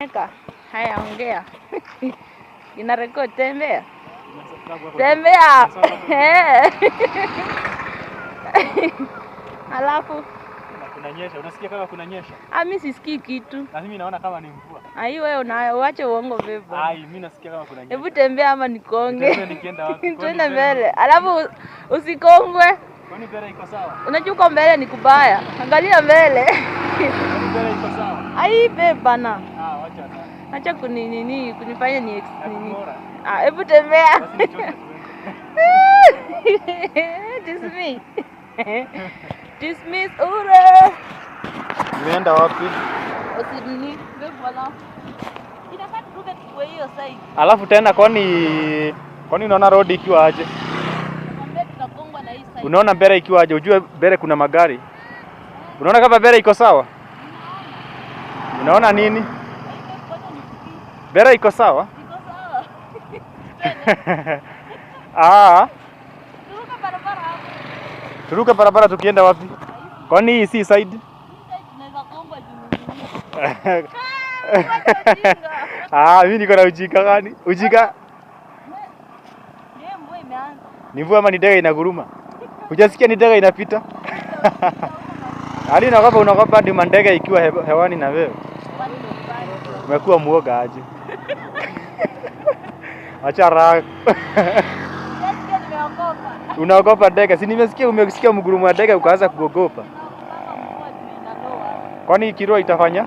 Eka, haya ongea. Ina record tembea. Tembea. Alafu kunanyesha, unasikia kama kunanyesha? Ah, mimi sisikii kitu. Na mimi naona kama ni mvua. Ah, hii wewe unaacha uongo vipi? Ah, mimi nasikia kama kunanyesha. Hebu tembea ama nikonge. Tembea nikienda wapi? Twende mbele. Alafu usikongwe. Kwani mbele iko sawa? Unajua uko mbele ni kubaya. Angalia mbele. Kwani mbele iko sawa? Ai, beba na acha kuni kuninini kunifanya ni ex nini. Ah, hebu tembea dismiss dismiss ure umeenda wapi kwa hiyo usinini alafu tena kwani kwani unaona road ikiwa aje unaona mbele ikiwa aje ujue mbele kuna magari unaona kama mbele iko sawa unaona nini Vera iko sawa? Iko sawa. Ah. Turuka barabara hapo. Turuka barabara tukienda wapi? Kwani hii si side? Ah, mimi niko na ujika gani? Ujika? Ni mvua ama ni ndege inaguruma? Hujasikia ni ndege inapita? Ali, naogopa unaogopa hadi mandege ikiwa hewani na wewe. Umekuwa mwoga aje? Acha raha. Unaogopa ndege? Si nimesikia umesikia mgurumo wa ndege ukaanza kuogopa. Kwani ikirua itafanya?